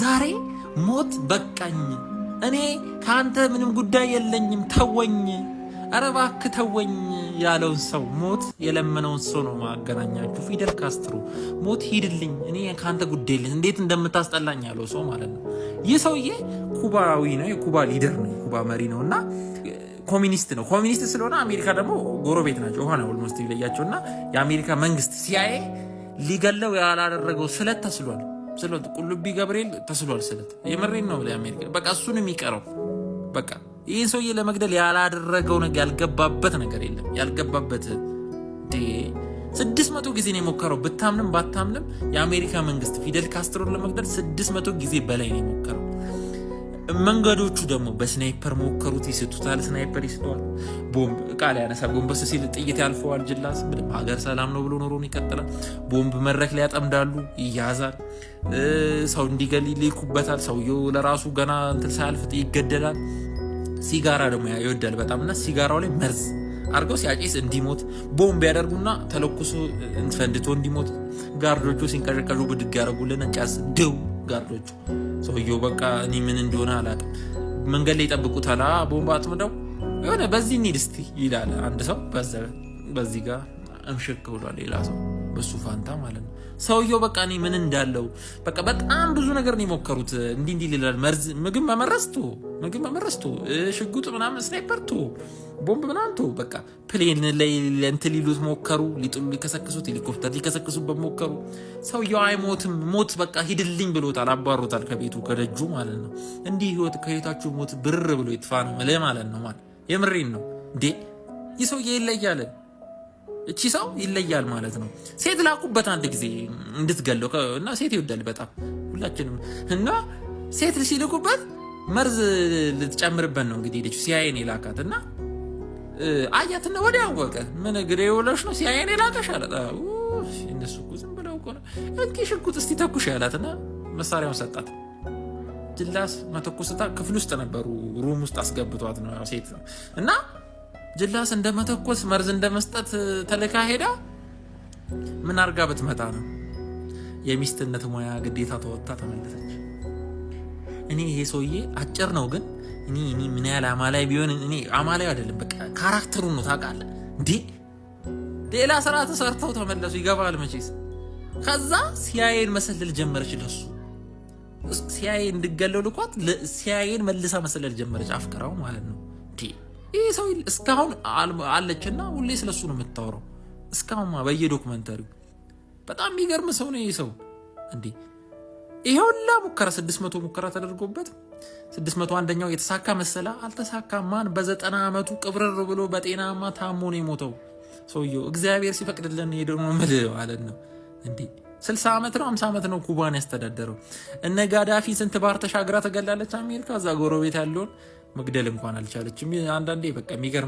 ዛሬ ሞት በቃኝ፣ እኔ ከአንተ ምንም ጉዳይ የለኝም፣ ተወኝ፣ ኧረ እባክህ ተወኝ ያለውን ሰው ሞት የለመነውን ሰው ነው ማገናኛችሁ። ፊደል ካስትሮ ሞት ሂድልኝ፣ እኔ ከአንተ ጉዳይ የለኝ፣ እንዴት እንደምታስጠላኝ ያለው ሰው ማለት ነው። ይህ ሰውዬ ኩባዊ ነው፣ የኩባ ሊደር ነው፣ የኩባ መሪ ነው እና ኮሚኒስት ነው። ኮሚኒስት ስለሆነ አሜሪካ ደግሞ ጎረቤት ናቸው የሆነ ኦልሞስት ይለያቸው እና የአሜሪካ መንግስት ሲያይ ሊገለው ያላደረገው ስለት ተስሏል። ስለ ቁልቢ ገብርኤል ተስሏል ስለት የመሬን ነው። አሜሪካ በቃ እሱን የሚቀረው በቃ ይህን ሰውዬ ለመግደል ያላደረገው ነገር ያልገባበት ነገር የለም። ያልገባበት ስድስት መቶ ጊዜ ነው የሞከረው። ብታምንም ባታምንም የአሜሪካ መንግስት ፊደል ካስትሮን ለመግደል ስድስት መቶ ጊዜ በላይ ነው የሞከረው። መንገዶቹ ደግሞ በስናይፐር ሞከሩት፣ ይስቱታል፣ ስናይፐር ይስተዋል፣ ቦምብ ቃል ያነሳ ጎንበስ ሲል ጥይት ያልፈዋል። ጅላስ ምንም ሀገር ሰላም ነው ብሎ ኖሮን ይቀጥላል። ቦምብ መድረክ ላይ ያጠምዳሉ፣ ይያዛል፣ ሰው እንዲገል ይልኩበታል። ሰውየው ለራሱ ገና እንትን ሳያልፍ ይገደላል። ሲጋራ ደግሞ ይወዳል በጣም እና ሲጋራው ላይ መርዝ አድርገው ሲያጭስ እንዲሞት ቦምብ ያደርጉና ተለኩሶ ፈንድቶ እንዲሞት ጋርዶቹ ሲንቀዠቀዡ ብድግ ያደረጉልን ጫስ ድው ጋርዶቹ። ሰውየው በቃ እኔ ምን እንደሆነ አላውቅም። መንገድ ላይ ይጠብቁታል። ቦምባ አጥምደው የሆነ በዚህ እንሂድ እስቲ ይላል አንድ ሰው። በዚህ ጋር እምሽክ ብሏል ሌላ ሰው። በሱ ፋንታ ማለት ነው። ሰውየው በቃ እኔ ምን እንዳለው በቃ በጣም ብዙ ነገር ነው የሞከሩት። እንዲ እንዲ ይላል መርዝ፣ ምግብ መመረስቶ ምግብ መመረስቶ ሽጉጥ ምናምን ስናይፐርቶ ቦምብ ምናምንቶ በቃ ፕሌን ላይ እንትን ሊሉት ሞከሩ፣ ሊጥሉ ሊከሰክሱት፣ ሄሊኮፕተር ሊከሰክሱበት ሞከሩ። ሰውየው አይሞትም፣ ሞት በቃ ሂድልኝ ብሎታል፣ አባሮታል ከቤቱ ከደጁ ማለት ነው። እንዲህ ህይወት ከህይወታችሁ ሞት ብር ብሎ ይጥፋ ነው ማለት ነው። የምሬን ነው እንዴ ይህ ሰውዬ ይለያለን እቺ ሰው ይለያል ማለት ነው። ሴት ላኩበት አንድ ጊዜ እንድትገለው እና ሴት ይወዳል በጣም ሁላችንም እና ሴት ሲልኩበት መርዝ ልትጨምርበት ነው እንግዲህ ልጅ ሲያይን የላካት እና አያትና ወዲያ አወቀ። ምን እግሬ የወለሽ ነው ሲያይን የላከሽ አላት። እነሱ እኮ ዝም ብለው እኮ ነው እንኪ ሽጉጥ እስቲ ተኩሽ ያላትና መሳሪያውን ሰጣት። ጅላስ መተኮስታ ክፍል ውስጥ ነበሩ ሩም ውስጥ አስገብቷት ነው ሴት ነው እና ጅላስ እንደ መተኮስ መርዝ እንደ መስጠት ተልካ ሄዳ ምን አርጋ ብትመጣ ነው? የሚስትነት ሙያ ግዴታ ተወጥታ ተመለሰች። እኔ ይሄ ሰውዬ አጭር ነው ግን እኔ እኔ ምን ያህል አማላይ ቢሆን እኔ አማላይ አይደለም፣ በቃ ካራክተሩ ነው ታውቃለህ። እንዴ ሌላ ስራ ተሰርተው ተመለሱ። ይገባል መቼስ። ከዛ ሲያየን መሰለል ጀመረች ለሱ ሲያየን እንድገለው ልኳት ሲያየን መልሳ መሰለል ጀመረች። አፍቅራው ማለት ነው እንዴ ይህ ሰው እስካሁን አለችና ሁሌ ስለሱ ነው የምታወራው። እስካሁን በየዶክመንተሪው በጣም የሚገርም ሰው ነው ይህ ሰው እንዴ! ይሄ ሁላ ሙከራ 600 ሙከራ ተደርጎበት 600 አንደኛው የተሳካ መሰላ አልተሳካ። ማን በዘጠና ዓመቱ ቅብርር ብሎ በጤናማ ታሞ ነው የሞተው ሰውየው። እግዚአብሔር ሲፈቅድልን ሄደ ምል ማለት ነው እንዴ! 60 ዓመት ነው 50 ዓመት ነው ኩባን ያስተዳደረው። እነ ጋዳፊ ስንት ባህር ተሻግራ ተገላለች አሜሪካ። እዛ ጎረቤት ያለውን መግደል እንኳን አልቻለችም። አንዳንዴ በቃ የሚገርም